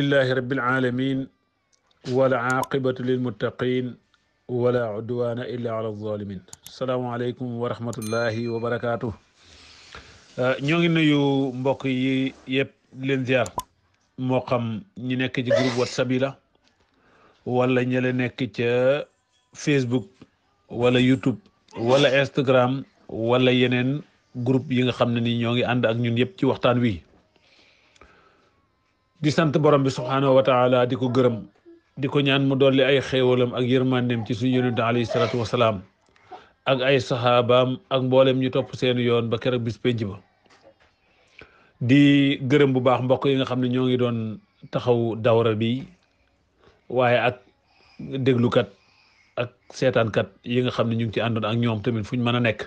لله رب العالمين ولا عاقبة للمتقين ولا عدوان إلا على الظالمين السلام عليكم ورحمة الله وبركاته نيوغي نيو مبوكي يب لنزيار موقم ني نيك جي جروب واتساب لا ولا نيلا نيك فيسبوك ولا يوتيوب ولا انستغرام ولا ينين جروب ييغا خامني نيوغي اند اك نيون يب تي وقتان وي di sant borom bi subhaanahu wa taala di ko gërëm di ko ñaan mu dolli ay xéewalam ak yërmandeem ci suñu yonent alayhi salaatu wasalaam ak ay saxaabaam ak mboolem ñu topp seeni yoon ba keroog bis penc ba di gërëm bu baax mbokk yi nga xam ne ñoo ngi doon taxaw dawra bi waaye ak déglukat ak seetaankat yi nga xam ne ñu ngi ci àndoon ak ñoom tamit fu ñu mën a nekk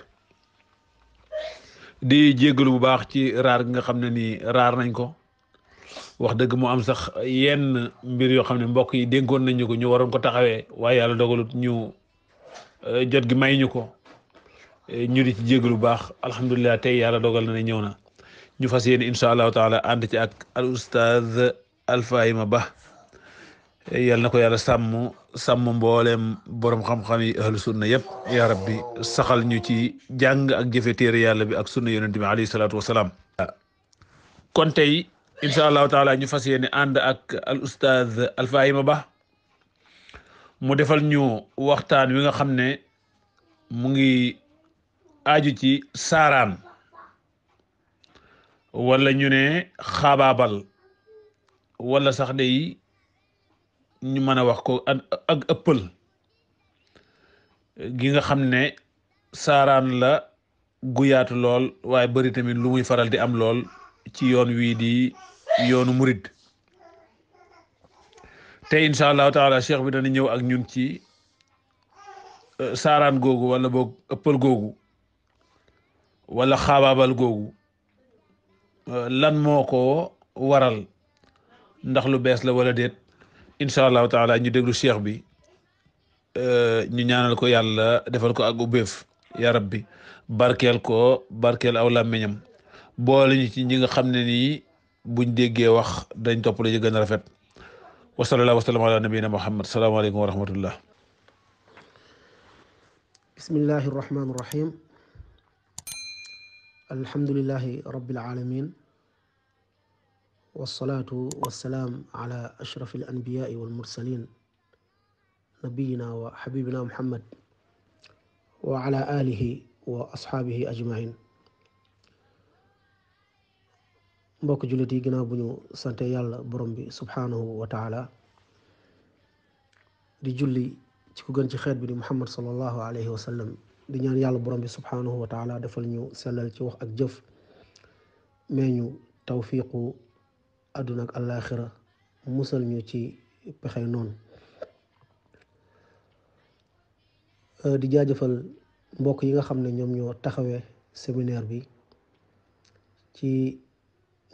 di jéggalu bu baax ci raar gi nga xam ne nii raar nañ ko wax dëgg mu am sax yenn mbir yoo xam ne mbokk yi dénkoon nañu ko ñu waroon ko taxawee waaye yàlla dogalut ñu euh, jot gi may ñu ko euh, ñu di ci jéglu baax alhamdulilah tey yàlla dogal na ñëw na ñu fas yéene incha allahu taala ànd ci ak al oustaz Alfahima Ba yal na ko yàlla sàmm sàmm mbooleem borom xam-xam yi ahlu sunna yëpp yaa rabbi saxal ñu ci jàng ak jëfe téere yàlla bi ak sunna yenn bi alayhi salaatu wasalaam kon tey incha allahu taala ñu fas yéene ànd ak al oustaz Alfahima Ba mu defal ñu waxtaan wi nga xam ne mu ngi aaju ci saaraan wala ñu ne xaabaabal wala sax day ñu mën a wax ko ak ëppal gi nga xam ne saaraan la guyaatu lool waaye bari tamit lu muy faral di am lool ci yoon wii di yoonu murid te incha allahu taala cheikh bi dana ñëw ak ñun ci euh, saaraan googu wala boog ëppal googu wala xaabaabal googu euh, lan moo ko waral ndax lu bees la wala déet incha allahu taala ñu déglu cheikh bi euh, ñu ñaanal ko yàlla defal ko ak ubbeef ya rabbi barkeel ko barkeel aw làmmiñam boole ñu ci ñi nga xam ne nii buñ déggee wax dañ topp la ci gën a rafet wa sallallahu wa sallam ala nabiyina muhammad salaamaaleykum wa rahmatullah bismillahi arrahmani irrahim alhamdulilahi rabbil alamin والصلاة والسلام على أشرف الأنبياء والمرسلين نبينا وحبيبنا محمد وعلى آله وأصحابه أجمعين mbokk julit yi ginaaw bu ñu sante yàlla borom bi subhanahu wa taala di julli ci ku gën ci xeet bi di muhammad salallahu alayhi wa sallam di ñaan yàlla borom bi subhanahu wa taala defal ñu sellal ci wax ak jëf mais ñu tawfiqu àdduna ak àllaaxira musal ñu ci pexey noonu di jaajëfal mbokk yi nga xam ne ñoom ñoo taxawee séminaire bi ci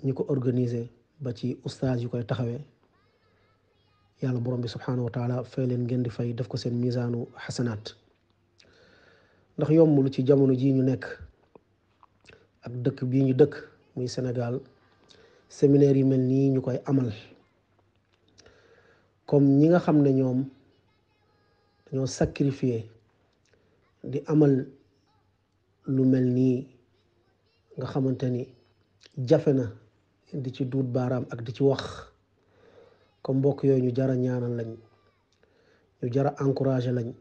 ñiko organiser ba ci oustaz yu koy taxawé yàlla borom bi subhanahu wa taala fay leen ngeen fay def ko sen mizanu hasanat ndax yombul ci jamono ji ñu nek ak dëkk bi ñu dëkk muy Sénégal séminaire yi melni ñukoy amal comme ñi nga xamne ñom ñoom dañoo sacrifier di amal lu melni nga xamanteni jafena di ci duut baaraam ak di ci wax comme mbokk yooyu ñu jara ñaanal lañ ñu jara encouragé lañ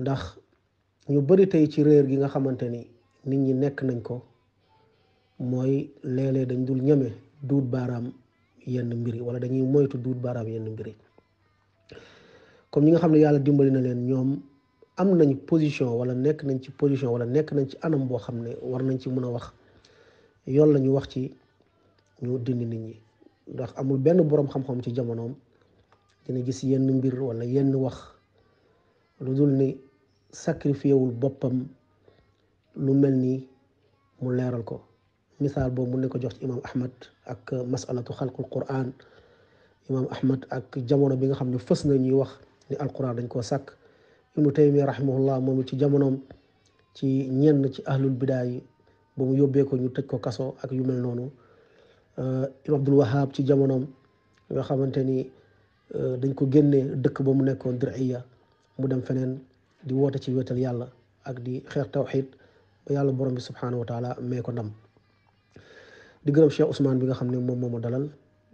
ndax ñu bari tey ci réer gi nga xamante ni nit ñi nekk nañ ko mooy léeg-léeg dañ dul ñeme duut baaraam yenn mbir yi wala dañuy moytu duut baaraam yenn mbiri comme ñi nga xam ne yàlla dimbali na leen ñoom am nañ position wala nekk nañ ci position wala nekk nañ ci anam boo xam ne war nañ ci mën a wax yoon la ñu wax ci ñoo dindi nit ñi ndax amul benn borom xam-xam ci jamonoom dina gis yenn mbir wala yenn wax lu dul ni sacrifié wul boppam lu mel ni mu leeral ko misaal boobu mun ne ko jox ci imam ahmad ak masalatu xalqul quran imam ahmad ak jamono bi nga xam ne fës na ñuy wax ni alquran dañ koo sàkk ibnu taymiya rahimahullah moom ci jamonoom ci ñenn ci ahlul bidaa yi ba mu yóbbee ko ñu tëj ko kaso ak yu mel noonu Ibn Abdul Wahab ci jamonoom nga xamante ni euh, dañ ko génne dëkk ba mu nekkoon Diriyya mu dem feneen di woote ci wéetal yàlla ak di xeex tawxid ba yàlla borom bi subhanahu wa taala mee ko ndam di gërëm Cheikh Ousmane bi nga xam ne moom moo dalal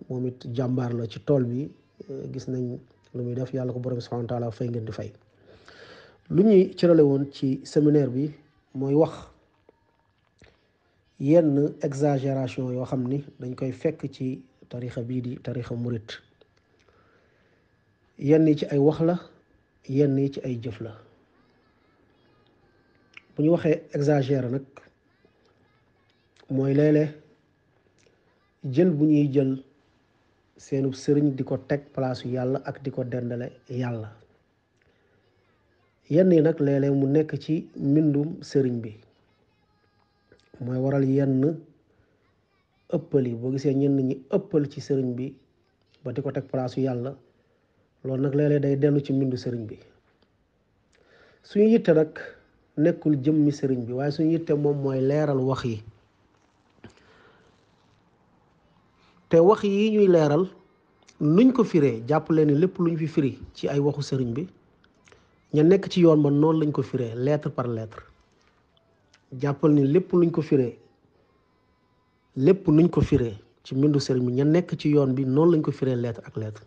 moom it jàmbaar la ci tool bi euh, gis nañ lu muy def yàlla ko borom bi subhanahu wa fay ngeen di fay lu ñuy cërale woon ci séminaire bi mooy wax yenn exagération yoo xam ni dañ koy fekk ci tarixa bii di tarixa murit yenn yi ci ay wax la yenn yi ci ay jëf la bu ñu waxee exagéré nag mooy léeg-léeg jël bu ñuy jël seenub sëriñ di ko teg palaasu yàlla ak di ko dendale yàlla yenn yi nag léeg mu nekk ci mbindum sëriñ bi mooy waral yenn ëppal yi boo gisee ñenn ñi ëppal ci sëriñ bi ba di ko teg palaasu yàlla loolu nag léeg day dellu ci mbindu sëriñ bi suñu yitte nag nekkul jëmm sëriñ bi waaye suñu yitte moom mooy leeral wax yi te wax yi ñuy leeral nuñ ko firee jàpp leen ni lépp luñ fi firi ci ay waxu sëriñ bi ña nekk ci yoon ma noonu lañ ko firee lettre par lettre jàppal ni lépp luñ ko firee lépp luñ ko firee ci mbindu sëriñ bi ña nekk ci yoon bi noonu lañ ko firee lettre ak lettre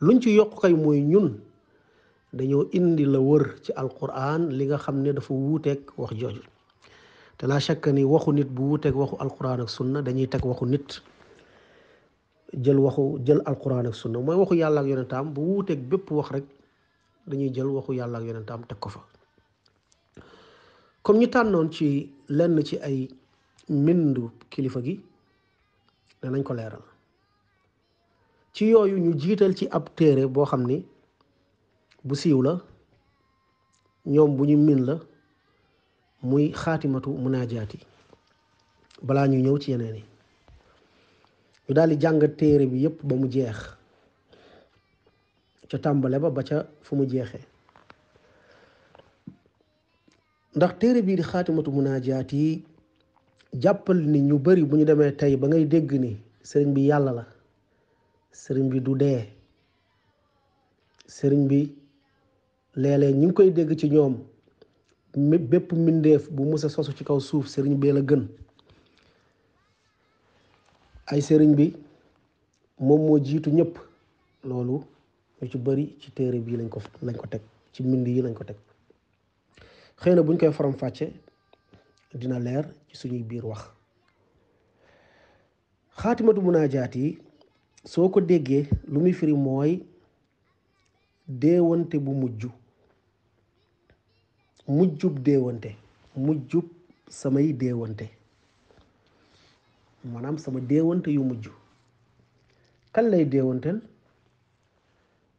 luñ ci yokk kay mooy ñun dañoo indi la wër ci alquran li nga xam ne dafa wuuteeg wax jooju te laa shakk ni waxu nit bu wuuteeg waxu alquran ak sunna dañuy teg waxu nit jël waxu jël alquran ak sunna mooy waxu yàlla ak yonentaam bu wuuteeg bépp wax rek dañuy jël waxu yàlla ak yonentaam teg ko fa comme ñu tànnoon ci lenn ci ay mbindu kilifa gi danañ ko leeral ci yooyu ñu jiital ci ab téere boo xam ni bu siiw la ñoom bu ñu min la muy xaatimatu munaajaati balaa ñu ñëw ci yeneen yi ñu daldi jàngat téere bi yépp ba mu jeex ca tàmbale ba ba ca fu mu jeexee ndax téere bii di xaatimatu jaat yi jàppal ni ñu bari bu ñu demee tey ba ngay dégg ni sëriñ bi yàlla la sëriñ bi du dee sëriñ bi léeg ñu ngi koy dégg ci ñoom bépp mbindeef bu musa sosu ci kaw suuf sëriñ bee la gën ay sëriñ bi moom moo jiitu ñëpp loolu ñu ci bari ci téere bii lañ ko lañ ko teg ci mbind yi lañ ko teg xëy na buñ koy faram fàcce dina leer ci suñuy biir wax xaatimatu munaajaat yi soo ko déggee lu muy firi mooy déewante bu mujj mujjub déewante mujjub samay déewante maanaam sama déewante yu mujj kan lay déewanteel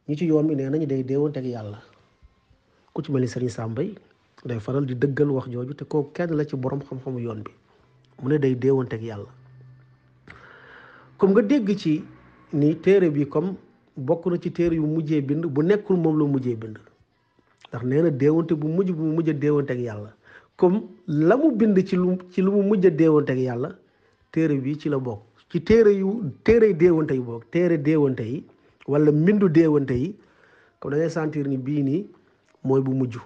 ñi ci yoon bi nee nañu day déewante yàlla ku ci mel ni Sàmbay day faral di dëggal wax jooju te koo kenn la ci borom xam-xamu yoon bi mu ne day déewanteeg yàlla comme nga dégg ci ni téere bi comme bokk na ci téere yu mujjee bind bu nekkul moom la mujjee bind ndax nee na déewante bu mujj bu mu mujj a déewanteeg yàlla comme la bind ci ci lu mu mujj a yàlla téere bi ci la bokk ci téere yu téere déewante yi bokk téere déewante yi wala mbindu déewante yi comme da sentir ni bii nii mooy bu mujj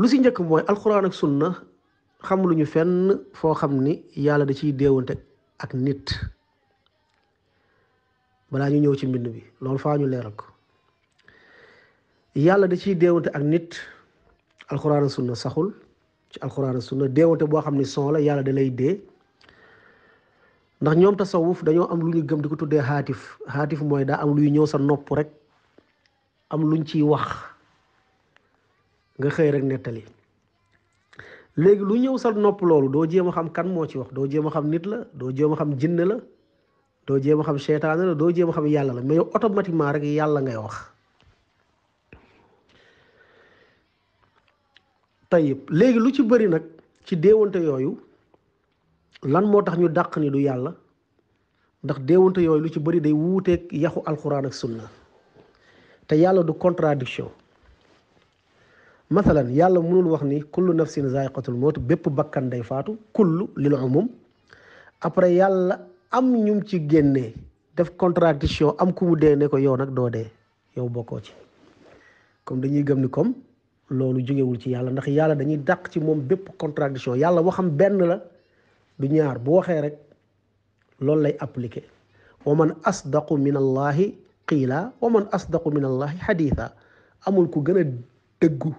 lu si njëkk mooy alxuraan ak sunna xam lu ñu fenn foo xam ni yàlla da ciy déewante ak nit balaa ñu ñëw ci mbind bi loolu faa ñu leeral yàlla da ciy déewante ak nit alxuraan ak sunna saxul ci alxuraan ak sunna déewante boo xam ni son yàlla da lay dee ndax ñoom tasawuf dañoo am lu ñu gëm di ko tuddee xaatif xaatif mooy daa am luy ñëw sa nopp rek am luñ ciy wax nga xëy rek nettali léegi lu ñëw sa nopp loolu doo jéem a xam kan moo ci wax doo jéem a xam nit la doo jéem a xam jinne la doo jéem a xam seytaane la doo jéem a xam yàlla la mais yow automatiquement rek yàlla ngay wax tayib léegi lu ci bëri nag ci déewante yooyu lan moo tax ñu dàq ni du yàlla ndax déewante yooyu lu ci bëri day wuuteeg yaxu alxuraan ak sunna te yàlla du contradiction masalan yàlla mënul wax ni kullu nafsin zaiqatul mawt bépp bakkan day faatu kullu lil umum après yàlla am ñum ci génne def contradiction am ku mu dee ne ko yow nag doode yow bokkoo ci comme dañuy gëm ni kom loolu jugewul ci yàlla ndax yàlla dañuy dàq ci moom bépp contradiction yàlla waxam benn la du ñaar bu waxee rek loolu lay appliqué wa man asdaqu min allahi qiila wa man asdaqu min allahi xadiitha amul ku gën a dëggu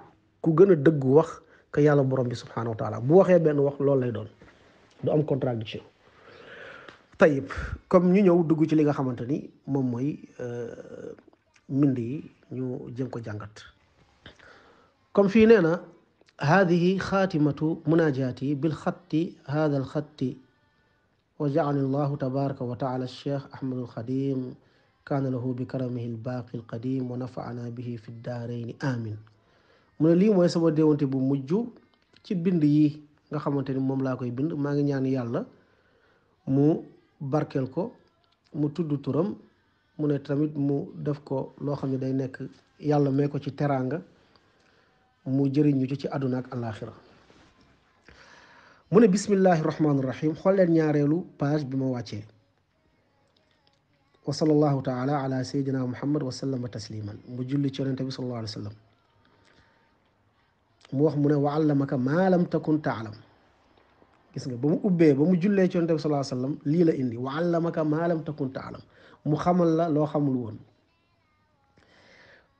ku gën a dëgg wax que yàlla borom bi subhanahu wa taala bu waxee benn wax loolu lay doon du am contradiction tayib comme ñu ñëw dugg ci li nga xamante ni moom mooy mbind yi ñu jëm ko jàngat comme fii nee na هذه خاتمة مناجاتي بالخط هذا الخط وجعل الله تبارك وتعالى الشيخ أحمد الخديم كان له بكرمه الباقي القديم ونفعنا به في الدارين آمين mu ne lii mooy sama déwante bu mujj ci bind yi nga xamante ni moom laa koy bind maa ngi ñaan yàlla mu barkeel ko mu tudd turam mu ne tamit mu def ko loo xam ne day nekk yàlla may ko ci teraanga mu jëriñ ci ci àdduna ak alaaxira mu ne bismillahi rahmaani rahim xool leen ñaareelu page bi ma wàccee wa sallallahu taala ala sayyidina muhammad wa sallama tasliman mu julli ci yonente bi sallallahu alayhi wa mu wax mu ne wa allamaka maa lam takun taalam gis nga ba mu ubbee ba mu jullee ci yonent bi sallallahu alayhi wasallam lii la indi wa allamaka maa lam takun taalam mu xamal la loo xamul woon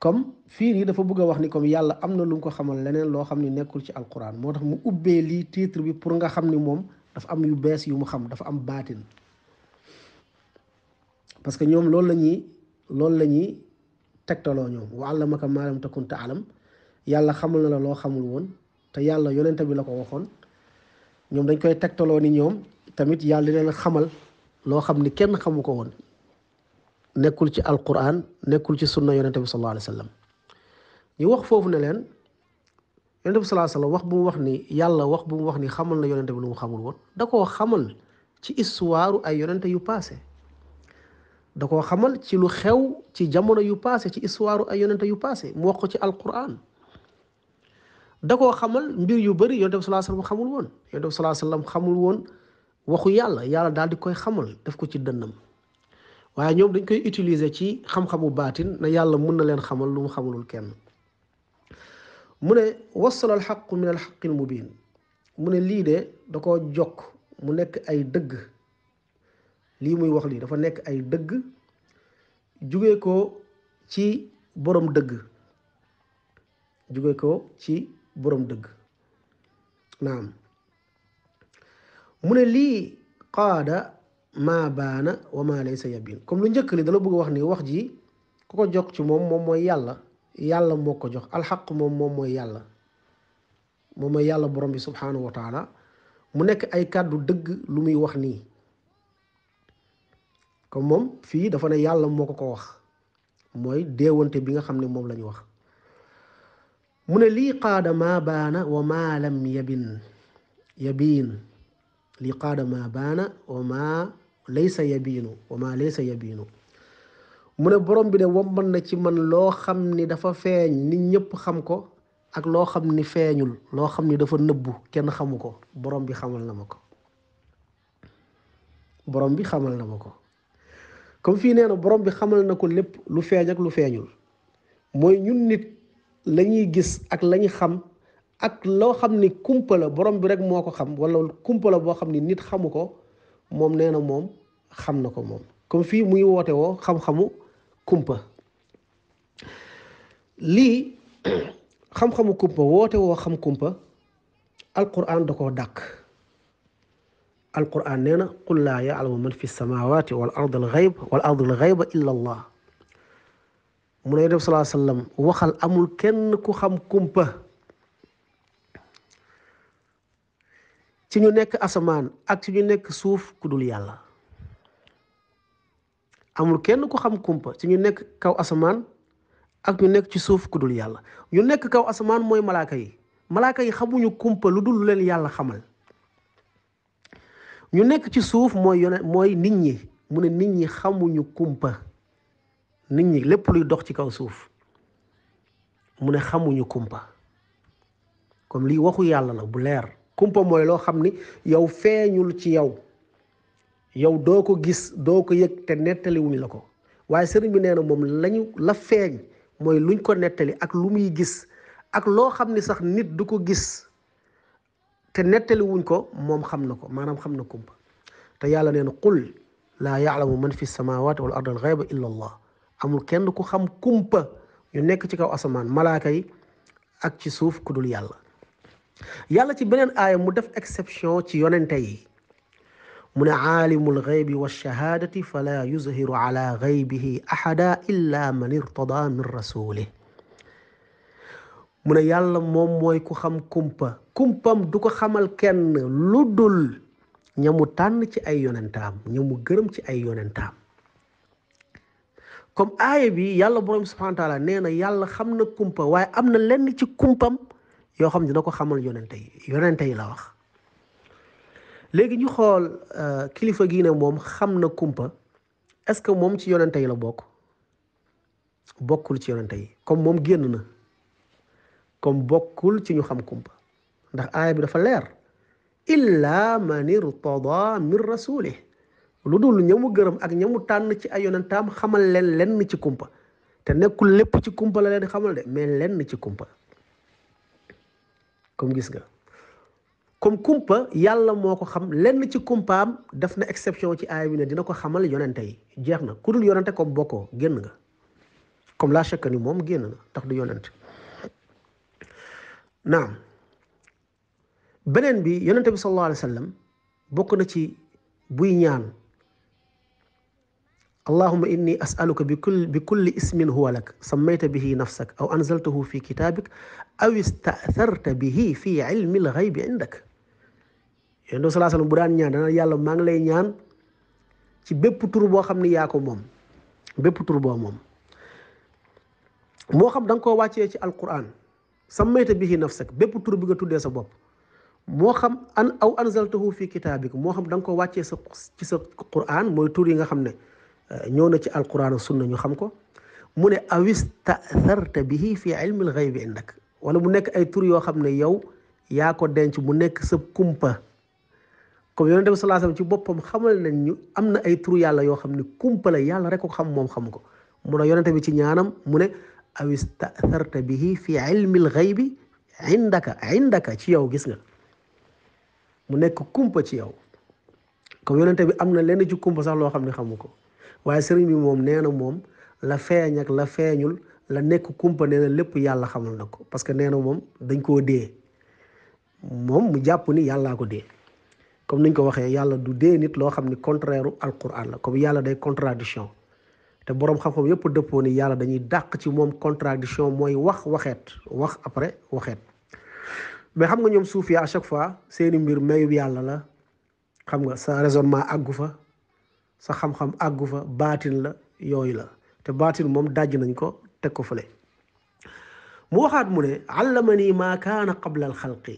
comme fii nii dafa bëgg a wax ni comme yàlla am na lu ko xamal leneen loo xam ni nekkul ci alquran moo tax mu ubbee lii titre bi pour nga xam ni moom dafa am yu bees yu mu xam dafa am baatin parce que ñoom loolu la ñuy loolu la ñuy tegtaloo ñoom wa allamaka maa lam takun taalam yàlla xamul na la loo xamul woon te yàlla yonent bi la ko waxoon ñoom dañ koy tegtaloo ni ñoom tamit yàlla leen xamal loo xam ni kenn xamu ko woon nekkul ci alquran nekkul ci sunna yonent bi sallallahu alayhi wa sallam ñu wax foofu ne leen yonent bi sallallahu alayhi sallam wax bu mu wax ni yàlla wax bu mu wax ni xamal na yonent bi lu mu xamul woon da koo xamal ci histoire ay yonent yu paase da koo xamal ci lu xew ci jamono yu paase ci histoire ay yonent yu paase mu wax ko ci alquran da koo xamal mbir yu bëri yonent bi salaa sallam xamul woon yonent bi salaa sallam xamul woon waxu yàlla yàlla daal di koy xamal def ko ci dënnam waaye ñoom dañ koy utiliser ci xam-xamu baatin na yàlla mun na leen xamal lu mu xamalul kenn mu ne wasala alxaqu min alxaqil mubin mu ne lii de da koo jokk mu nekk ay dëgg lii muy wax lii dafa nekk ay dëgg jugee ko ci borom dëgg jugee ko ci borom deug naam mune li qada ma bana wa ma laysa yabin comme lu ñëk ni da la bëgg wax ni wax ji ku ko jox ci mom mom moy yalla yalla moko jox al haqq mom mom moy yalla mom moy yalla borom bi subhanahu wa ta'ala mu nek ay kaddu deug lu muy wax ni comme mom fi dafa ne yalla moko ko wax moy deewante bi nga xamne mom lañ wax mu ne lii qaada maa baana wa maa lam yabin yabiin lii qaada maa baana wa maa laysa yabiinu wa maa laysa yabiinu mu ne borom bi de womban na ci man loo xam ni dafa feeñ nit ñëpp xam ko ak loo xam ni feeñul loo xam ni dafa nëbbu kenn xamu ko borom bi xamal na ma ko borom bi xamal na ma ko comme fii nee na borom bi xamal na ko lépp lu feeñ ak lu feeñul mooy ñun nit lañuy gis ak la xam ak loo xam ni kumpa la borom bi rek moo ko xam wala kumpa la boo xam ni nit xamu ko moom nee na moom xam na ko moom comme fii muy woote woo xam-xamu kumpa lii xam-xamu kumpa woote woo xam kumpa alquran da koo dàq alquran nee na qul laa yaalamu man fi samawati wal ard al wal ard al illa allah mu ne def salaa sallam waxal amul kenn ku xam kumpa ci ñu nekk asamaan ak ci nekk suuf ku dul yàlla amul kenn ku xam kumpa ci ñu nekk kaw asamaan ak ñu nekk ci suuf ku dul yàlla ñu nekk kaw asamaan mooy malaaka yi malaaka yi xamuñu kumpa lu dul lu leen yàlla xamal ñu nekk ci suuf mooy yone mooy nit ñi mu ne nit ñi xamuñu kumpa nit ñi lépp luy dox ci kaw suuf mu ne xamuñu kumpa comme lii waxu yàlla la bu leer kumpa mooy loo xam ni yow feeñul ci yow yow doo ko gis doo ko yëg te nettaliwuñu la ko waaye sëriñ bi nee na moom lañu la feeñ mooy luñ ko nettali ak lu muy gis ak loo xam ni sax nit du ko gis te nettaliwuñ ko moom xam na ko maanaam xam na kumpa te yàlla nee na qul laa yaalamu man fi samawati wal ard al illa allah amul kenn ku xam kumpa ñu nekk ci kaw asamaan malaaka yi ak ci suuf ku dul yàlla yàlla ci beneen aaya mu def exception ci yonente yi mu ne aalimul gaybi walshahadati fala yuzhiru ala gaybihi ahada illa man irtada min rasulih mu ne yàlla moom mooy ku xam kumpa kumpam du ko xamal kenn lu dul ñamu tànn ci ay yonentaam ñamu gërëm ci ay yonentaam comme aaya bi yàlla borom subhanahu wa taala nee na yàlla xam na kumpa waaye am na lenn ci kumpam yoo xam ne dina ko xamal yonente yi yonente yi la wax léegi ñu xool kilifa gii ne moom xam na kumpa est-ce que moom ci yonente yi la bokk bokkul ci yonente yi comme moom génn na comme bokkul ci ñu xam kumpa ndax aaya bi dafa leer illa man irtada min rasulih lu dul ñamu gërëm ak ñamu tànn ci ay yonentaam xamal leen lenn ci kumpa te nekkul lépp ci kumpa la leen xamal de mais lenn ci kumpa comme gis nga comme kumpa yàlla moo ko xam lenn ci kumpaam def na exception ci aaya bi ne dina ko xamal yonente jeex na ku dul yonente comme bokkoo génn nga comme laa chèque ni moom génn nga tax du yonente naam beneen bi yonente bi sallallahu alayhi wa bokk na ci buy ñaan اللهم إني أسألك بكل, بكل اسم هو لك سميت به نفسك أو أنزلته في كتابك أو استأثرت به في علم الغيب عندك يندو صلى الله عليه وسلم نيان دانا يالا ما نغلي نيان تي بيب تور بو خامني ياكو موم بيب تور بو موم مو خام دانكو واتيه تي القران سميت به نفسك بيب تور بيغا تودي سا مو خام ان او انزلته في كتابك مو خام دانكو واتيه سا تي سا قران موي تور ييغا ñëw ci alquran sunna ñu xam ko mu ne awis tatharta bihi fi ilmi alxaybi indak wala mu nekk ay tur yoo xam ne yow yaa ko denc mu nekk sa kumpa comme yonente bi salaa ci boppam xamal nañ ñu am na ay tur yàlla yoo xam ne kumpa la yàlla rek ko xam moom xam ko mu ne yonente bi ci ñaanam mu ne awis tatharta bihi fi ilmi alxaybi indaka indaka ci yow gis nga mu nekk kumpa ci yow comme yonente bi am na lenn ci kumpa sax loo xam ne xamu ko waaye sëriñ bi moom nee na moom la feeñ ak la feeñul la nekk kumpa nee lépp yàlla xamul na ko parce que nee na moom dañ koo dee moom mu jàpp ni yàllaa ko dee comme niñ ko waxee yàlla du dee nit loo xam ni contraire alquran la comme yàlla day contradiction te boroom xam-xam yëpp dëppoo yàlla dañuy dàq ci moom contradiction mooy wax waxeet wax après waxeet mais xam nga ñoom suufiya à chaque fois seeni mbir mayu yàlla la xam nga sa raisonnement àggu fa sa xam-xam àggu fa baatin la yooyu la te baatin moom dajj nañ ko teg ko fële mu waxaat mu ne allamani ma kaana qabla al xalqi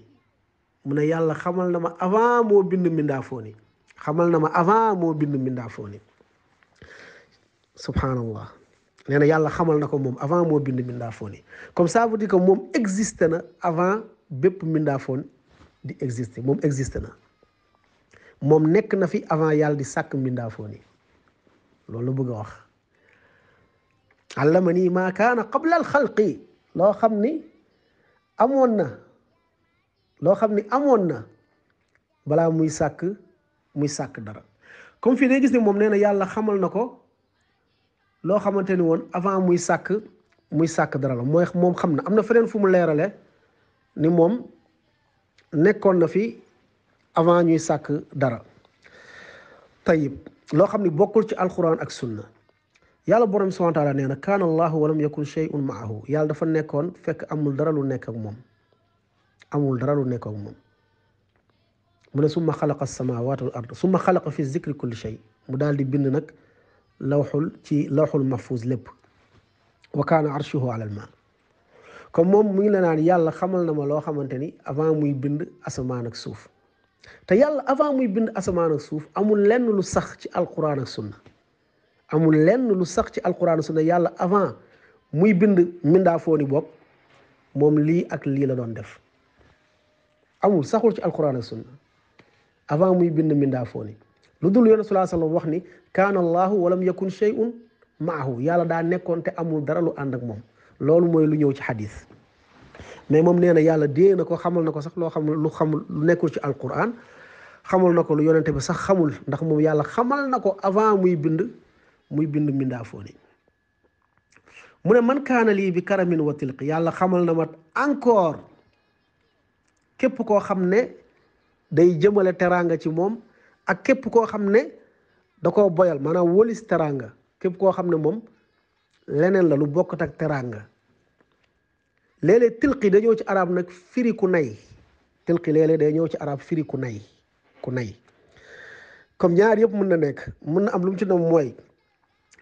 mu ne yàlla xamal na ma avant moo bind mbindaafoo ni xamal na ma avant moo bind mbindaafoo ni subhanallah nee na yàlla xamal na ko moom avant moo bind mbindaafoo ni comme ça veut dire que moom existé na avant bépp mbindaafoon di existé moom existé na mom nek na fi avant yàlla di sak minda foni lolou bëgg wax allama nii maa kaana qabla al loo lo xamni amona lo xamni amona bala muy sak muy sak dara comme fi ne gis ni mom neena yàlla xamal nako lo xamanteni won avant muy sak muy sak dara la mooy moom xam na am na feneen fu mu leerale ni mom nekkon na fi avant ñuy sàkk dara tayib loo xam ne bokkul ci alquran ak sunna yàlla borom subhana taala nee na kaana allahu walam yakun shay'un maahu yàlla dafa nekkoon fekk amul dara lu nekk ak moom amul dara lu nekk ak moom mu ne summa xalaqa samawat wal ard summa xalaqa fi zikri kulli shay mu daal di bind nag lawxul ci lawxul mahfuz lépp wa kaana arshuhu ala alma comme moom mu ngi la naan yàlla xamal na ma loo xamante ni avant muy bind asamaan ak suuf te yàlla avant muy bind asamaan ak suuf amul lenn lu sax ci alquran ak sunna amul lenn lu sax ci alquran ak sunna yàlla avant muy bind mindaa fooni bopp moom lii ak lii la doon def amul saxul ci alquran ak sunna avant muy bind mindaa fooni lu dul yoon salaa sallam wax ni kaana allahu walam yakun shay'un maahu yàlla daa nekkoon te amul dara lu ànd ak moom loolu mooy lu ñëw ci xadis mais moom nee na yàlla dee na ko xamal na ko sax loo xam lu xamul lu nekkul ci alquran xamul na ko lu yonente bi sax xamul ndax moom yàlla xamal na ko avant muy bind muy bind mbindaafoon yi mu ne man kaana lii bi karamin wa tilq yàlla xamal na ma encore képp koo xam ne day jëmale teraanga ci moom ak képp koo xam ne da ko boyal maanaam wëlis teraanga képp koo xam ne moom leneen la lu bokkut ak teraanga léeg-léeg tilqi da ci araab nag firi ku nay tilqi léeg day ñëw ci arab firi ku nay ku nay comme ñaar yëpp mën na nekk mën na am lu mu ci doon mooy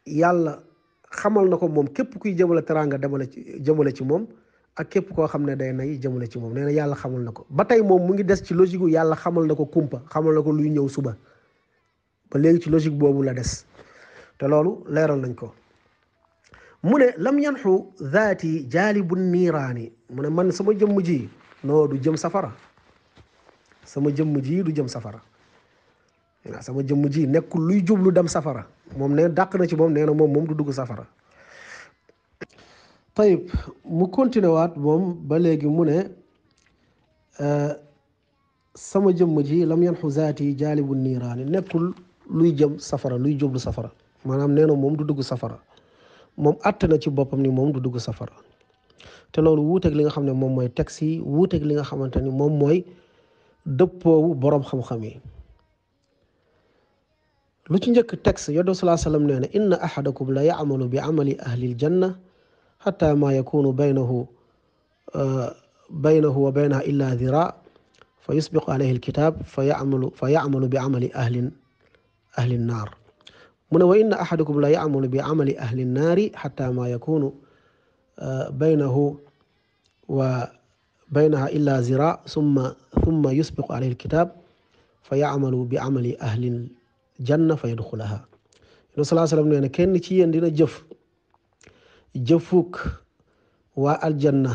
yàlla xamal na ko moom képp kuy jëmale teraanga demale ci jëmale ci moom ak képp koo xam ne day nay jëmale ci moom nee na yàlla xamal na ko ba tey moom mu ngi des ci logique yàlla xamal na ko kumpa xamal na ko luy ñëw suba ba léegi ci logique boobu la des te loolu leeral nañ ko mu ne lam yanxu zaati jaalibu niiraani mu ne man sama jëmm ji noo du jëm safara sama jëmm ji du jëm safara waaw sama jëmm ji nekkul luy jublu dem safara moom nee dàq na ci moom nee na moom moom du dugg safara tayib mu continue waat moom ba léegi mu ne sama jëmm ji lam yanxu zaati jaalibu niiraani nekkul luy jëm safara luy jublu safara maanaam nee na moom du dugg safara mom àtt ci bopam ni mom du dugg safara te wut ak li nga xamné mom moy taxi wut ak li nga xamanteni mom moy mooy dëppoowu boroom xam-xam yi lu ci njëkk texte yoddo sallallahu alayhi wasallam neena inna ahadakum la ya'malu bi amali ahli al janna hatta ma yakunu baynahu baynahu wa bayna illa dhira fa yusbiqu alayhi al-kitab fa ya'malu fa ya'malu bi amali ahli ahli an-nar mu ne wa inna ahadukum la ya'malu bi amali ahli naari xataa maa yakunu baynahu wa baynaha illa zira summa summa yusbiqu alayhi alkitab fa ya'malu bi amali ahli janna fa yadxulaha yonu salaa sallam nee na kenn ci yéen dina jëf jëfuk waa aljanna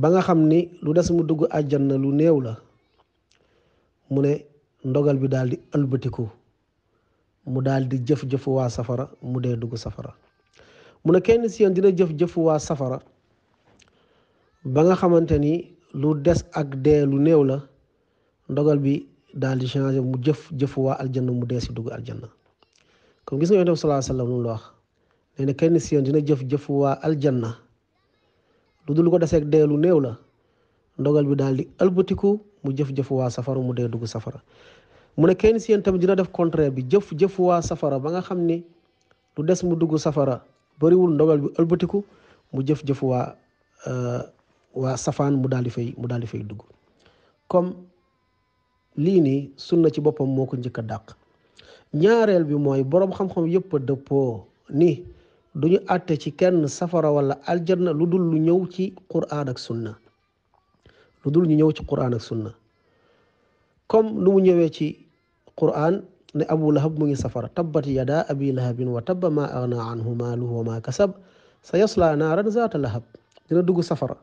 ba nga xam ni lu des mu dugg aljanna lu néew la mu ne ndogal bi daal di ëlbatiku mu daal jëf-jëfu waa safara mu dee dugg safara mu ne kenn si dina jëf-jëfu waa safara ba nga xamante ni lu des ak dee lu néew la ndogal bi daal di changé mu jëf jëfu waa aljanna mu dee si dugg aljanna comme gis nga yonent bi sallallahu lu mu la wax na kenn si dina jëf jëfu waa aljanna lu ko deseeg dee lu néew la ndogal bi daal di ëlbatiku mu jëf jëfu waa safara mu dee dugg safara mu ne kenn si yéen tamit dina def contraire bi jëf jëfuwaa safara ba nga xam ni lu des mu dugg safara bariwul ndogal bi ëlbatiku mu jëf jëf euh, waa safaan mu daal di fay mu daal di fay dugg comme lii nii sunna ci boppam moo ko njëkk dàq ñaareel bi mooy boroom xam-xam yëpp a dëppoo ni duñu àtte ci kenn safara wala aljanna lu dul lu ñëw ci quraan ak sunna lu dul ñu ñëw ci quraan ak sunna comme lu mu ñëwee ci alquran ne abu lahab mu ngi safara tabbat yada abi lahabin wa tabba ma agna anhu maaluhu wa ma kasab sa yasla naaran zaata lahab dina dugg safara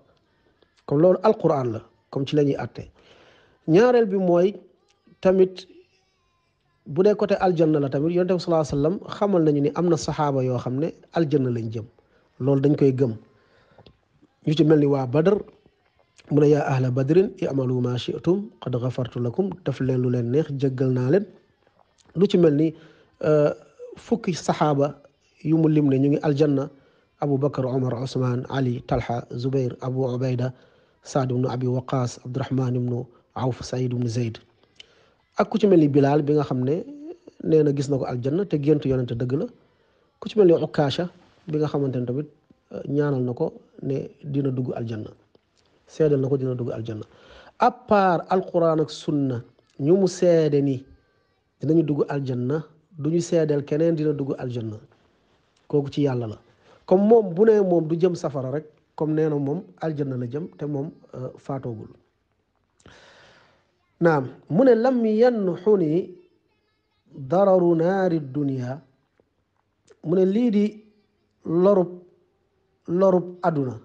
comme loolu alquran la comme ci la ñuy atte ñaareel bi mooy tamit bu dee côté aljanna la tamit yonent bi salaa sallam xamal nañu ni am na saxaaba yoo xam ne aljanna lañ jëm loolu dañ koy gëm ñu ci mel ni waa badar mu ne yaa ahla badrin i'malu ma shi'tum qad ghafartu lakum def lu leen neex jëggal naa leen lu ci mel ni euh, fukki saxaaba yu mu lim ne ñu ngi aljanna abu bakar omar osman ali talha zubair abu ubayda saad ibnu abi waqas abdurahman ibnu awf said ibnu zayd ak ku ci mel ni bilaal bi nga xam ne nee na gis na ko aljanna te gént yonente dëgg la ku ci mel ni ukaasha bi nga xamante ne tamit euh, ñaanal na ko ne dina dugg aljanna seedal na ko dina dugg aljanna à part alquran ak sunna ñu mu seede ni dinañu dugg aljanna du ñu seedeel keneen dina dugg aljanna kooku ci yàlla la comme moom bu nee moom du jëm safara rek comme nee na moom aljanna la jëm te moom euh, faatoogul naam mu ne lam yenn yanxuni dararu naari dunia mu ne lii di lorub lorub àdduna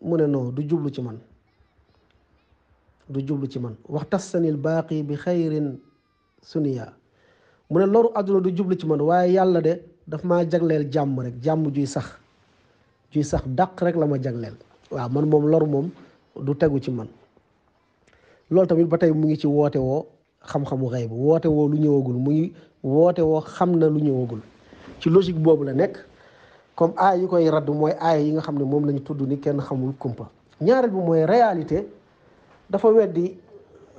mu ne non du jublu ci man du jublu ci man wax tasanil baaqi bi xayrin suniya mu ne loru àdduna du jublu ci man waaye yàlla de dafa maa jagleel jàmm rek jàmm juy sax juy sax dàq rek la ma jagleel waaw man moom loru moom du tegu ci man loolu tamit ba tey mu ngi ci woote woo xam-xamu xëy bu woote woo lu ñëwagul mu ngi woote woo xam na lu ñëwagul ci logique boobu la nekk comme aay yi koy radd mooy aay yi nga xam ne moom la tudd ni kenn xamul kumpa ñaareel bi mooy réalité dafa weddi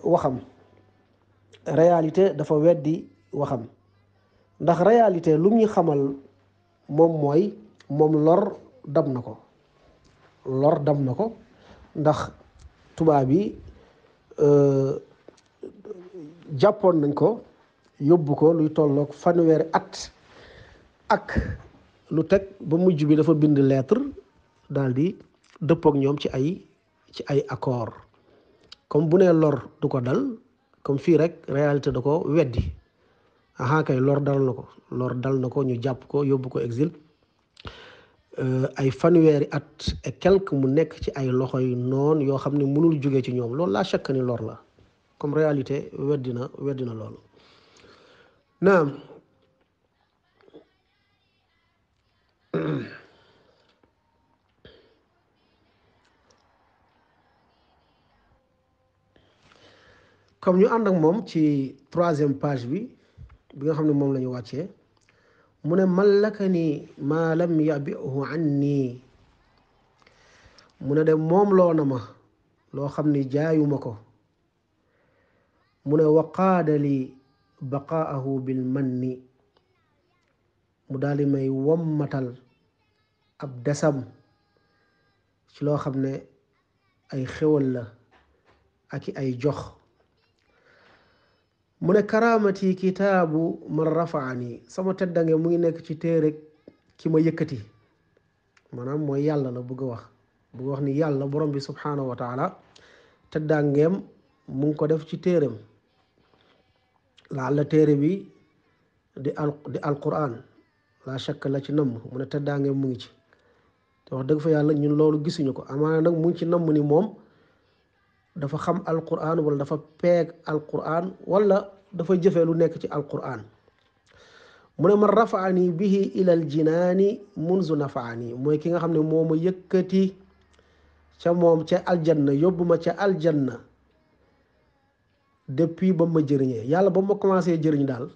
waxam réalité dafa weddi waxam ndax réalité lu ñu xamal moom mooy moom lor dab na ko lor dab na ko ndax tubaab yi euh, jàppoon nañ ko yóbbu ko luy tolloog fanweeri at ak lu teg ba mujj bi dafa bind leetre daal di dëppook ñoom ci ay ci ay accord comme bu nee lor du ko dal comme fii rek réalité da ko weddi aha kay lor dal na ko lor dal na ko ñu jàpp ko yóbbu ko exil euh, ay fanweeri at et mu nekk ci ay loxo yu noon yoo xam ne mënul jóge ci ñoom loolu laa chakk ni lor la comme réalité weddi na weddi na loolu naam comme ñu ànd ak moom ci troisième page bi bi nga xam ne moom la ñu mu ne mallakani maa lam yabihu anni mu ne de moom loo na loo xam ni jaayuma ko mu ne waqaadali baqaahu bil manni mu daal di may wommatal ab desam ci loo xam ne ay xéwal la ak ay jox mu ne karaamati kitaabu man rafaani sama teddange mu ngi nekk ci téere ki ma yëkkati maanaam mooy yàlla la bëgg a wax bëgg a wax ni yàlla borom bi subhanahu wa taala teddangeem mu ngi ko def ci téereem laal la téere bi di al di alquran la shakk la ci namm mu ne teddaange mu ngi ci te wax dëgg fa yàlla ñun loolu gisuñu ko amaana nag mu ngi ci namm ni moom dafa xam alquran wala dafa peeg alquran wala dafa jëfe lu nekk ci alquran mu ne man rafaani bihi ilal jinaani munzu nafaani mooy ki nga xam ne moo ma yëkkati ca moom ca aljanna yóbbu ma ca aljanna depuis ba ma jëriñee yàlla ba ma commencé jëriñ daal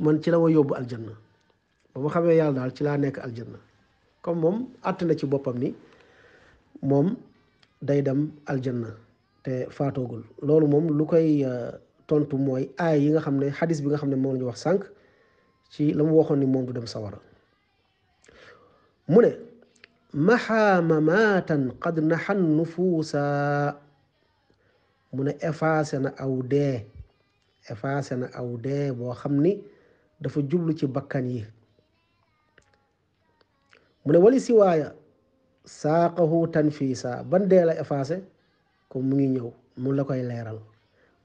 man ci la ma yóbbu aljanna ba ma xamee yàlla daal ci laa nekk aljanna comme moom àtt na ci boppam ni moom day dem aljanna te faatoogul loolu moom lu koy euh, tontu mooy aay yi nga xam ne xadis bi nga xam ne moom la ñu wax sànq ci la waxoon ni moom du dem sawara mu ne maxaa na qad naxan nufuusa mu ne effacé na aw dee effacé na aw dee boo xam ni dafa jublu ci bakkan yi mu ne wali siwaaya saaqahu tanfiisa ban dee la effacé comme mu ngi ñëw mu la koy leeral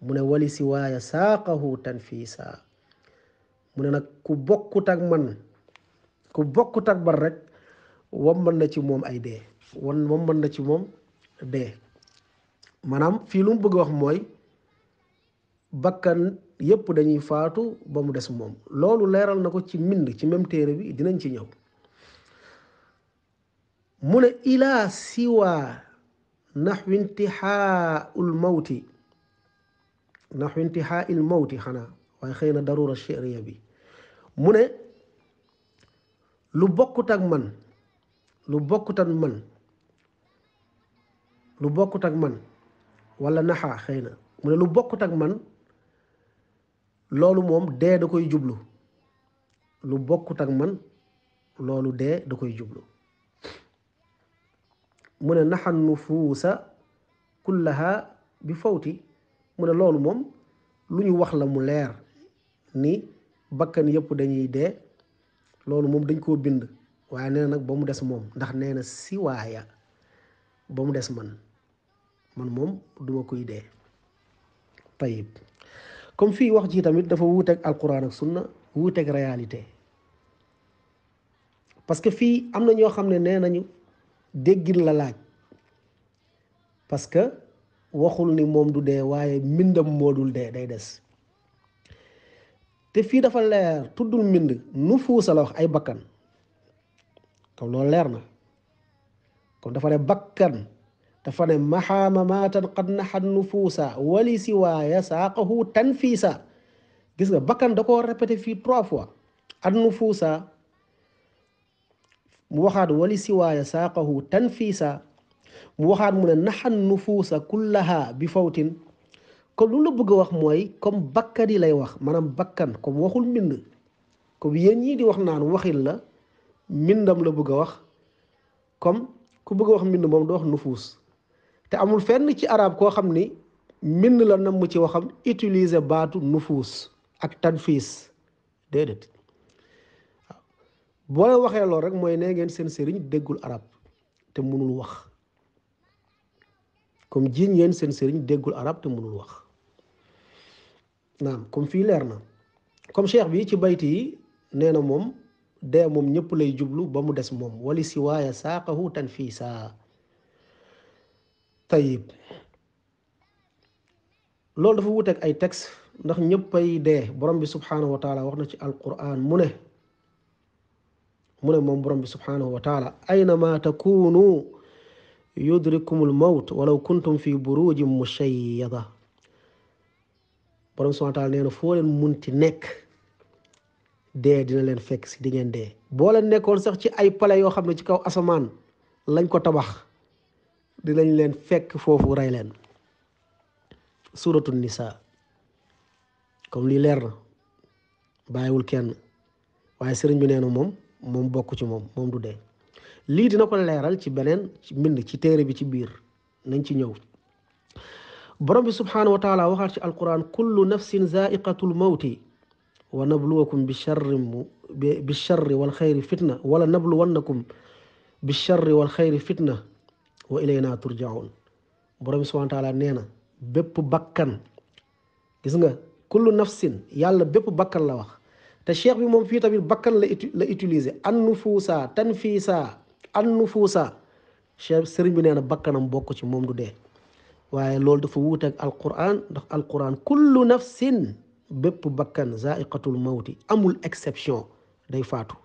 mu ne walisi wali siwaaya saaqahu tanfiisa mu ne nag ku bokkut ak man ku bokkut ak man rek wam na ci moom ay dee wan mën na ci moom dee maanaam fii lu mu bëgg wax mooy bakkan yépp dañuy faatu ba mu des moom loolu leeral na ko ci mbind ci même téere bi dinañ ci ñëw من إلى سوى نحو انتحاء الموت نحو انتحاء الموت هنا وخينا ضرورة الشعرية بي من لو من لو من لو من ولا نحا خينا من لو من لولو موم دي دكوي جبلو لو من لولو دي دكوي جبلو mu ne naxa nufuusa kullaha bi fawti mu ne loolu moom lu ñu wax la mu leer ni bakkan yépp dañuy dee loolu moom dañ koo bind waaye nee nag ba mu des moom ndax nee na siwaaya ba mu des man man moom duma koy dee tayib comme fii wax ji tamit dafa wuuteeg alquran ak sunna wuuteeg réalité parce que fii am na ñoo xam ne nee nañu déggin la laaj parce que waxul ni moom du dee waaye mbindam moo dul dee day des te fii dafa leer tuddul mbind nu fuusa la wax ay bakkan kon loolu leer na kon dafa ne bakkan dafa ne maxaama maatan qad naxat nu fuusa wali si waaya saaqahu gis nga bakkan da koo répété fii trois fois at nu fuusa موخاد ولي سواي ساقه تنفيسا موخاد من نحا النفوس كلها بفوت كم لولو بغا واخ موي كم بكاري لاي واخ مانام بكا كم واخول من كم يني دي واخ نان واخيل لا مندم لو بغا واخ كم كو بغا واخ من موم دوخ نفوس تي امول فين سي عرب كو خامني من لا نم سي واخام اوتيليزي باتو نفوس اك تنفيس dedet boo leen waxee loolu rek mooy nee ngeen seen sëriñ déggul arab te mënul wax comme jiiñ ngeen seen sëriñ déggul arab te mënul wax naam comme fii leer na comme cheikh bi ci bayti yi nee na moom dee moom ñëpp lay jublu ba mu des moom wali si waaya saaqahu tan fii saa tayib loolu dafa wuteeg ay texte ndax ñëpp ay dee borom bi subhanahu wa taala wax na ci alquran mu ne من المبرم سبحانه وتعالى أينما تكونوا يدرككم الموت ولو كنتم في بروج مشيدة برم سبحانه وتعالى نين فول المنت نك دي دينا لين فك سي دي دي بولا نيكون سخ سي اي بالا يو خامني سي كاو اسمان لاني كو تباخ دي لاني لين فك فوفو راي لين سوره النساء كوم لي لير بايول كين واي سيرن بي نينو موم moom bokku ci moom moom du dee lii dina ko leeral ci beneen mbind ci téere bi ci biir nañ ci ñëw borom bi subhanahu wa taala waxaat ci alquran kullu nafsin zaiqatul mawti wa nabluwakum bi bisharri wal xayri fitna wala nabluwannakum bisharri wal xayri fitna wa ilayna turjaun borom bi subhaanahu wa taala nee na bépp bakkan gis nga kullu nafsin yàlla bépp bakkan la wax te cheikh bi moom fii tamit bakkan la la utiliser annufuusa tanfiisa annufuusa cheikh sëriñ bi nee na bakkanam bokk ci moom du dee waaye loolu dafa wuute ak alquran ndax alquran kullu nafsin bépp bakkan zaiqatul mawti amul exception day faatu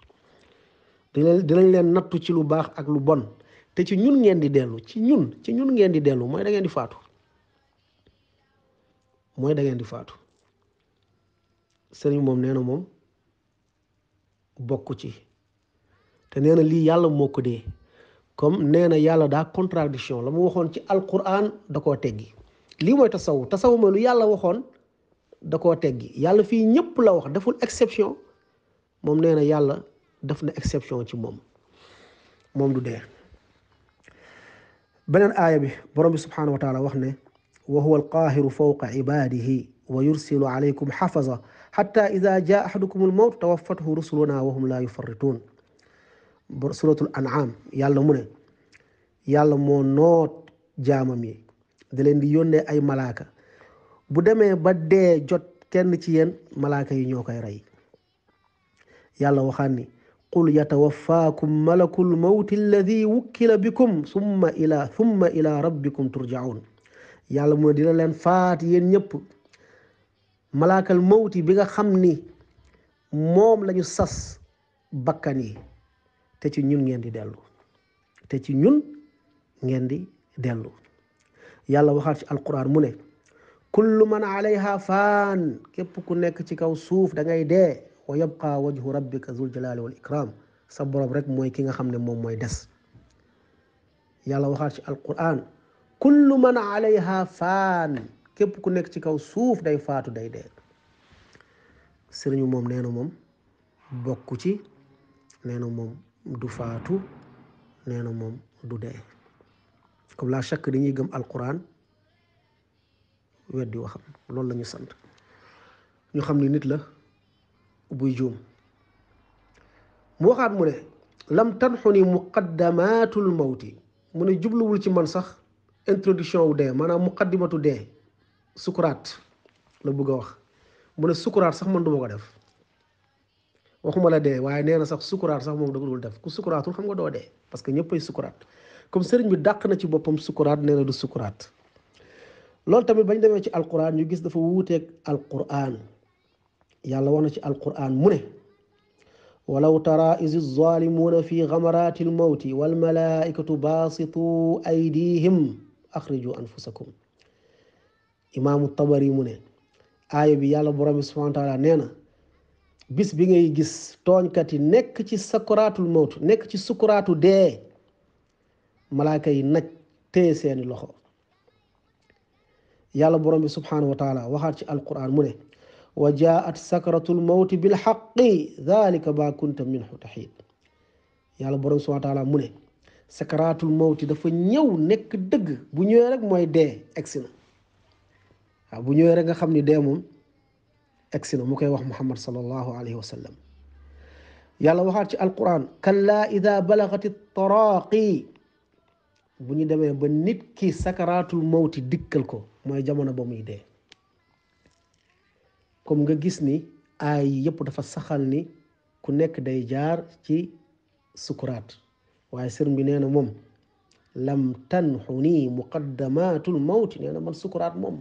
dinañ leen nattu ci lu baax ak lu bon te ci ñun ngeen di dellu ci ñun ci ñun ngeen di dellu mooy dangeen di faatu mooy da di faatu sëriñ moom nee moom bokk ci te nee na lii yàlla moo de dee comme nee na yàlla daa contradiction la mu waxoon ci alquran da koo teggi lii mooy tasawu tasawu mooy lu yàlla waxoon da koo teggi yàlla fii ñëpp la wax deful exception moom nee na yàlla def na exception ci moom moom du dee beneen aaya bi borom bi subhanahu wa taala wax ne wa huwa alqaahiru fawqa ibaadihi wa yursilu alaykum xafaza xatta ida jaa ahadukumul mawt tawaffathu rusuluna wa hum laa yufarrituun suratul an'am yàlla mu ne yàlla moo noot jaamam yi da leen di yónnee ay malaaka bu demee ba dee jot kenn ci yéen malaka yi ñoo koy rey yàlla waxaan ni qul yatawaffaakum malakul mawti alladi wukkila bikum summa ila rabbikum turjaun yàlla mu ne leen faat yéen ñëpp malaakal mawti bi nga xam ni moom lañu sas bakkan yi te ci ñun ngeen di dellu te ci ñun ngeen di dellu yàlla waxaat ci alquran mu ne kullu man alayha faan képp ku nekk ci kaw suuf da ngay dee wa yabqa wajhu rabbika zul jalali wal ikram sa borom rek mooy ki nga xam ne moom mooy des yàlla waxaat ci alquran kullu man alayha faan képp ku nekk ci kaw suuf day faatu day dee sëriñ moom nee na moom bokku ci nee na moom du faatu nee na moom du dee comme la chaque dañuy gëm alquran weddi waxam loolu la sant ñu xam ni nit la buy juum mu waxaat mu ne lam tanxu ni muqaddamatul mawti mu ne jubluwul ci man sax introduction wu dee maanaam muqaddimatu dee sukuraat la bëgg a wax mu ne sukuraat sax man duma ko def waxuma la dee waaye nee na sax sukuraat sax moom da ko dul def ku sukuraatul xam nga doo dee parce que ñëppay sukuraat comme sëriñ bi dàq na ci boppam sukuraat nee na du sukuraat loolu tamit bañ demee ci alquran ñu gis dafa wuuteeg alquran yàlla wax na ci alquran mu ne walaw tara izi zalimuuna fi gamaraati almawti walmalaikatu baasitu aydihim axriju anfusakum imaamu tabari mu ne aaya bi yàlla borom bi subhanahu wa taala nee na bis bi ngay gis tooñkat yi nekk ci sakuraatul mawt nekk ci sukuraatu dee malaaka yi naj téye seeni loxo yàlla borom bi subhanahu wa taala waxaat ci alquran mu ne wa jaat sakratul mawti bil xaqi dalika ma kunta minhu taxiid yàlla borom bi subhanahu wa taala mu ne sakaraatul mawti dafa ñëw nekk dëgg bu ñëwee rek mooy dee egsi bu ñëwee nga xam ni dee moom egsi na mu koy wax muhammad sallallahu alayhi wa sallam yàlla waxaat ci alquran kala ida balagati taraaqi bu ñu demee ba nit ki sakaraatul mawti dikkal ko mooy jamono ba muy dee comme nga gis ni aay yépp dafa saxal ni ku nekk day jaar ci sukuraat waaye sëriñ bi nee na moom lam tanxu nii muqaddamatul mawti nee na sukuraat moom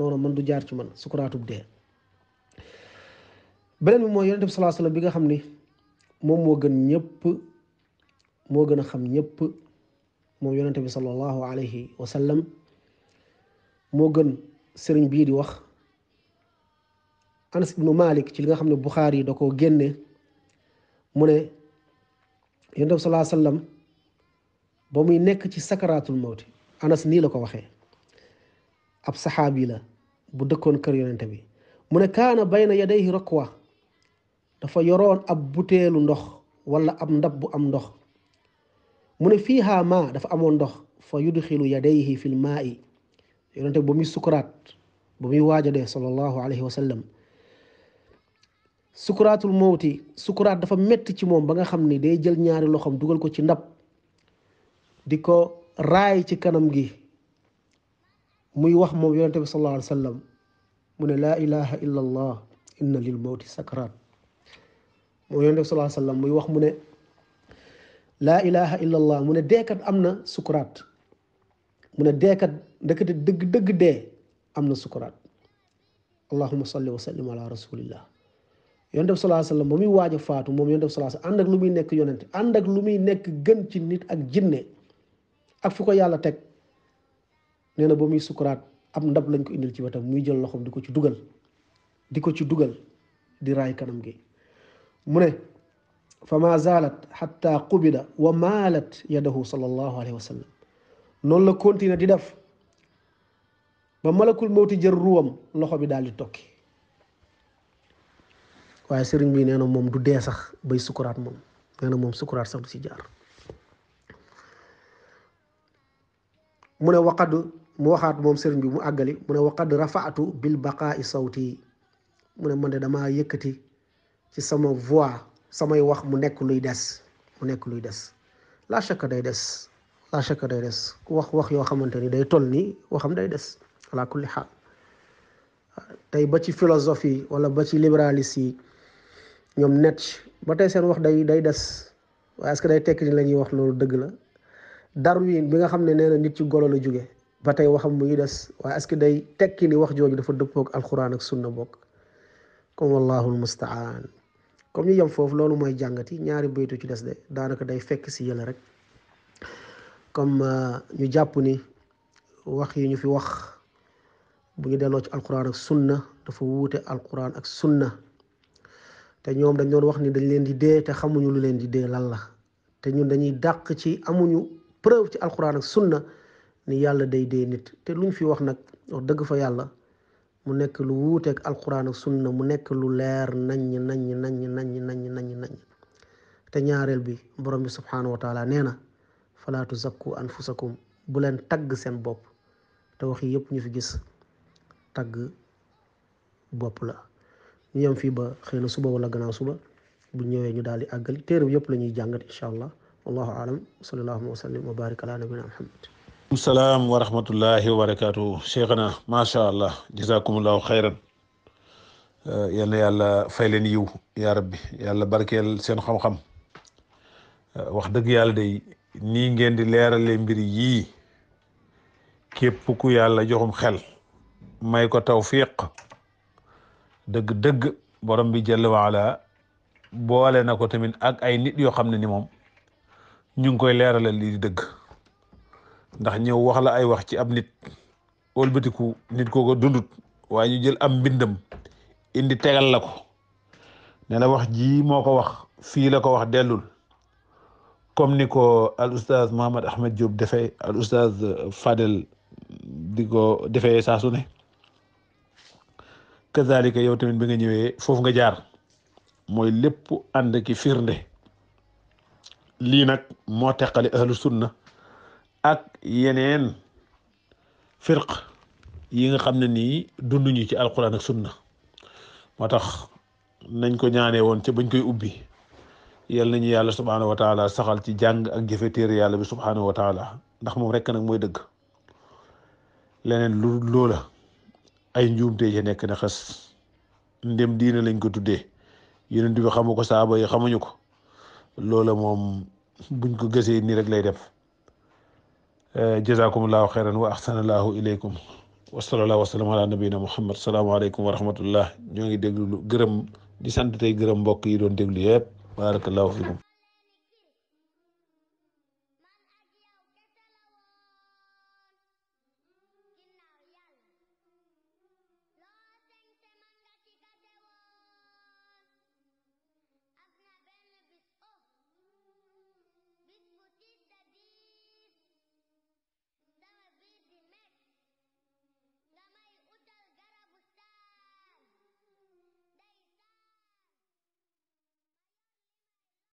non non man du jaar ci man sukuraatub dee beneen bi mooy yonent bi salaa salaam bi nga xam ni moom moo gën ñëpp moo gën a xam ñëpp moom yonent bi sallallahu alayhi wa moo gën sëriñ bii di wax Anas ibnu Malik ci li nga xam ne Buxaari yi da koo génne mu ne yonent bi salaa nekk ci sakaraatul mawti Anas nii la ko waxee ab saxaabi la bu dëkkoon kër yonente bi mu ne kaana bayna yadayhi wa dafa yoroon ab butéelu ndox wala ab ndab bu am ndox mu ne fiihaa maa dafa amoon ndox fa yudxilu yadayhi fil maa i yonente bi ba muy sukuraat ba muy waaja dee sallallahu alayhi wa sallam sukuraatul mawti sukuraat dafa metti ci moom ba nga xam ni day jël ñaari loxoom dugal ko ci ndab di ko raay ci kanam gi muy wax moom yonente bi sallallahu alayhi wa sallam mu ne laa ilaha illa allah inna lil mawti sakaraat moom yonente bi sallallahu alayhi wa sallam muy wax mu ne laa ilaha illa allah mu ne deekat am na sukuraat mu ne deekat ndekete dëgg dëgg dee am na sukuraat allahuma salli wa sallim ala rasulillah yonente bi sallallahu alayhi wa sallam ba muy waaj a faatu moom yonente bi sallallahu alayhi wa sallam ànd ak lu muy nekk yonente ànd ak lu muy nekk gën ci nit ak jinne ak fu ko yàlla teg nee na ba muy sukkuraat am ndab lañ ko indil ci wetam muy jël loxoom di ko ci dugal di ko ci dugal di raay kanam gi mu ne fa ma zaalat xatta qubida wa maalat yadahu sallallahu alayhi wa sallam noonu la continuer di def ba malakul mawti jël ruwam loxo bi daal di tokki waaye sëriñ bi nee na moom du dee sax bay sukuraat moom nee na moom sukuraat sax du si jaar mu ne waqad mu waxaat moom sëriñ bi mu àggali mu ne waqad rafaatu bil baqaai sawti mu ne man de damaa yëkkati ci sama voix samay wax mu nekk luy des mu nekk luy des la shakka day des la shakka day des ku wax wax yoo xamante ni day toll nii waxam day des ala kulli xaal tey ba ci wala ba ci libéralistes yi ñoom net ba tey seen wax day day des waaye que day tekki ni la ñuy wax loolu dëgg la Darwin bi nga xam ne nee na nit ci golo la jóge ba tey waxam mu ngi des waaye est que day tekki ni wax jooju dafa dëppoog alxuraan ak sunna bokk comme wallahu almustaan comme ñu yem foofu loolu mooy jàngati ñaari baytu ci des de daanaka day fekk si yële rek comme euh, ñu jàpp ni wax yi ñu fi wax bu ñu delloo ci alquran ak sunna dafa wuute alquran ak sunna te ñoom dañ doon wax ni dañ leen di dee te xamuñu lu leen di dee lan la te ñun dañuy dàq ci amuñu preuve ci alxuraan ak sunna ni yàlla day dee nit te lu ñu fi wax nag wax dëgg fa yàlla mu nekk lu wuuteeg alxuraan ak sunna mu nekk lu leer naññ naññ nañ naññ naññ naññ naññ te ñaareel bi borom bi subhaanahu wa taala nee na falaa tuzakku anfusakum bu leen tagg seen bopp te wax yépp ñu fi gis tagg bopp la ñu yem fii ba xëy na suba wala gannaaw suba bu ñëwee ñu daal di àggali téere bi yëpp la ñuy jàngat incha والله اعلم صلى الله وسلم وبارك على نبينا محمد السلام ورحمه الله وبركاته شيخنا ما شاء الله جزاكم الله خيرا آه، يلا يلا فايلن يو يا ربي يلا بركيل سين خم خم واخ دغ يالا دي ني نين دي ليرال لي مبير يي كيب كو يالا جوخم خيل ماي كو توفيق دغ دغ بروم بي جل وعلا بولنا كو تامين اك اي نيت يو خامني موم ñu ngi koy leeralal lii di dëgg ndax ñëw wax la ay wax ci ab nit wëlbatiku nit ko dundut waaye ñu jël am mbindam indi tegal la ko ne wax ji moo ko wax fii la ko wax dellul comme ni ko al oustaz Mohamed Ahmed Diop defee al oustaz Fadel di ko defee saa su ne yow tamit bi nga ñëwee foofu nga jaar mooy lépp ànd ki firnde lii nag moo teqale ahlu sunna ak yeneen firq yi nga xam ne nii dunduñu ci alquran ak sunna moo tax nañ ko ñaanee woon ci bañ koy ubbi yal nañu yàlla subhaanahu wa taala saxal ci jàng ak jëfe téere yàlla bi subhaanahu wa ndax moom rekk nag mooy dëgg leneen lu loola ay njuumte yi nekk na xas ndem diina lañ ko tuddee yeneen bi xamu ko saaba yi xamuñu ko loola moom buñ ko gësee ni rek lay def jazakum jazakumullahu xeyran wa ahsanallahu ilaykum wa sallallahu wa sallam ala nabiyina muhammad salaamaaleykum wa rahmatullah ñoo ngi déglu gërëm di sant tey gërëm mbokk yi doon déglu yëpp barakallahu fikum